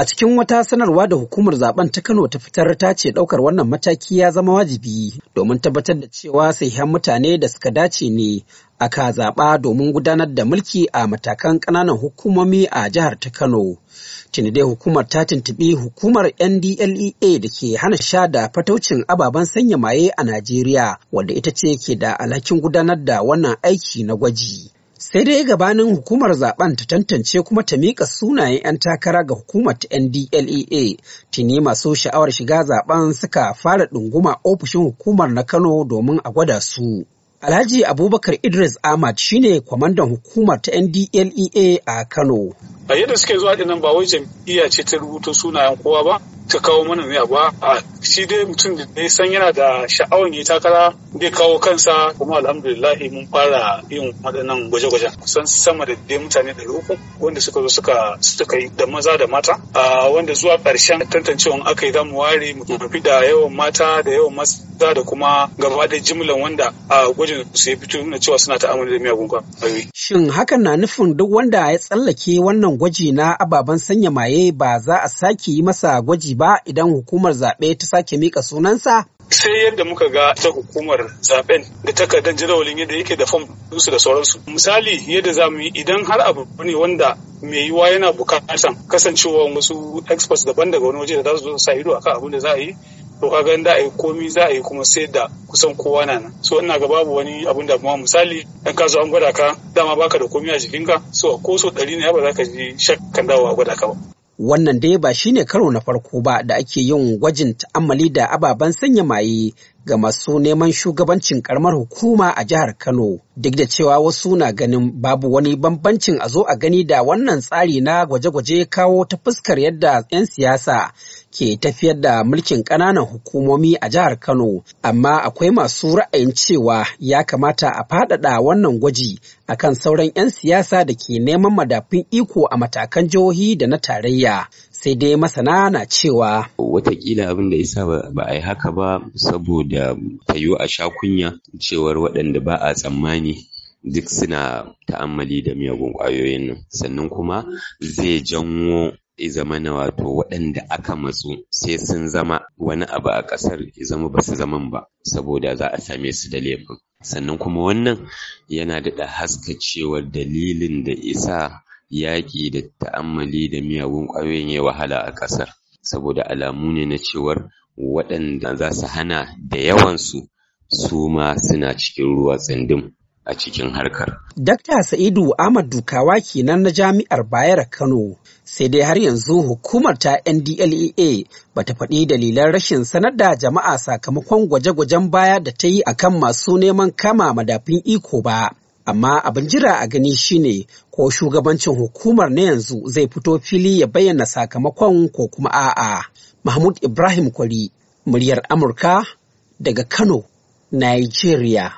A cikin wata sanarwa da hukumar zaben ta Kano ta fitar ta ce ɗaukar wannan mataki ya zama wajibi domin tabbatar da cewa sahihan mutane da suka dace ne aka zaɓa domin gudanar da mulki a matakan ƙananan hukumomi a jihar ta Kano. Tuni dai hukumar ta tuntubi hukumar NDLEA da ke hana sha da fataucin ababen sanya maye a Najeriya, wanda ita ce ke da alhakin gudanar da wannan aiki na gwaji. sai dai gabanin hukumar zaben ta tantance kuma ta mika sunayen 'yan takara ga hukumar ta ndlea tuni masu sha'awar shiga zaben suka fara ɗunguma ofishin hukumar na kano domin a gwada su alhaji abubakar idris ahmad shine kwamandan hukumar ta ndlea a kano a yadda suke zuwa dinnan ba wai jam'iyya ce ta rubuta sunayen kowa ba ka kawo mana ba a shi dai mutum da ya san yana da sha'awar ya takara zai kawo kansa kuma alhamdulillah mun fara yin waɗannan gwaje-gwajen kusan sama da dai mutane da uku wanda suka zo suka suka yi da maza da mata wanda zuwa ƙarshen tantancewan aka yi zamu ware mu da yawan mata da yawan maza da kuma gaba da jimlan wanda a gwajin su ya fito nuna cewa suna ta'amuli da miyagun Shin hakan na nufin duk wanda ya tsallake wannan gwaji na ababen sanya maye ba za a sake yi masa gwaji ba? ba idan hukumar zaɓe ta sake mika sunansa? sai yadda muka ga ta hukumar zaben da takardar jadawalin yadda yake da fom su da sauransu misali yadda za mu yi idan har abu ne wanda mai yiwa yana bukatar kasancewa wasu experts daban daga wani waje da za su zo sa ido akan abin da za a yi to ga da a yi komi za a yi kuma sai da kusan kowa na nan so ina ga babu wani abun da kuma misali dan ka zo an gwada ka dama baka da komi a jikinka so ko so ɗari ne ba za ka ji shakkan a gwada ka ba Wannan dai ba shine karo na farko ba da ake yin gwajin ta'ammali da ababen sanya maye ga masu neman shugabancin karamar hukuma a jihar Kano. Duk da cewa wasu na ganin babu wani bambancin a zo a gani da wannan tsari na gwaje-gwaje kawo ta fuskar yadda 'yan siyasa ke tafiyar da mulkin ƙananan hukumomi a jihar Kano, amma akwai masu ra'ayin cewa ya kamata a faɗaɗa wannan gwaji akan sauran 'yan siyasa da ke neman madafin iko a matakan jihohi da na tarayya. Sai dai masana na cewa. Wataƙila abin da ya sa ba a yi haka ba saboda da yiwu a sha kunya cewar waɗanda ba a tsammani duk suna ta'ammali da miyagun ƙwayoyin nan sannan kuma zai janwo zama na wato waɗanda aka matsu sai sun zama wani abu a ƙasar zama ba su zaman ba saboda za a same su da laifin sannan kuma wannan yana daɗa haska cewar dalilin da isa yaƙi da ta'ammali da miyagun ƙwayoyin ya wahala a ƙasar saboda alamu ne na cewar waɗanda za su hana da yawansu su ma suna cikin ruwa tsindin a cikin harkar. Dr. Sa'idu Ahmad Dukawa kenan na Jami'ar Bayar Kano sai dai har yanzu hukumar ta NDLEA ba ta faɗi dalilan rashin sanar da jama'a sakamakon gwaje-gwajen baya da ta yi akan masu neman kama madafin iko ba. amma abin jira a gani shine ko shugabancin hukumar na yanzu zai fito fili ya bayyana sakamakon ko kuma a'a. Mahmud Ibrahim Kwari, muryar Amurka daga Kano, Nigeria.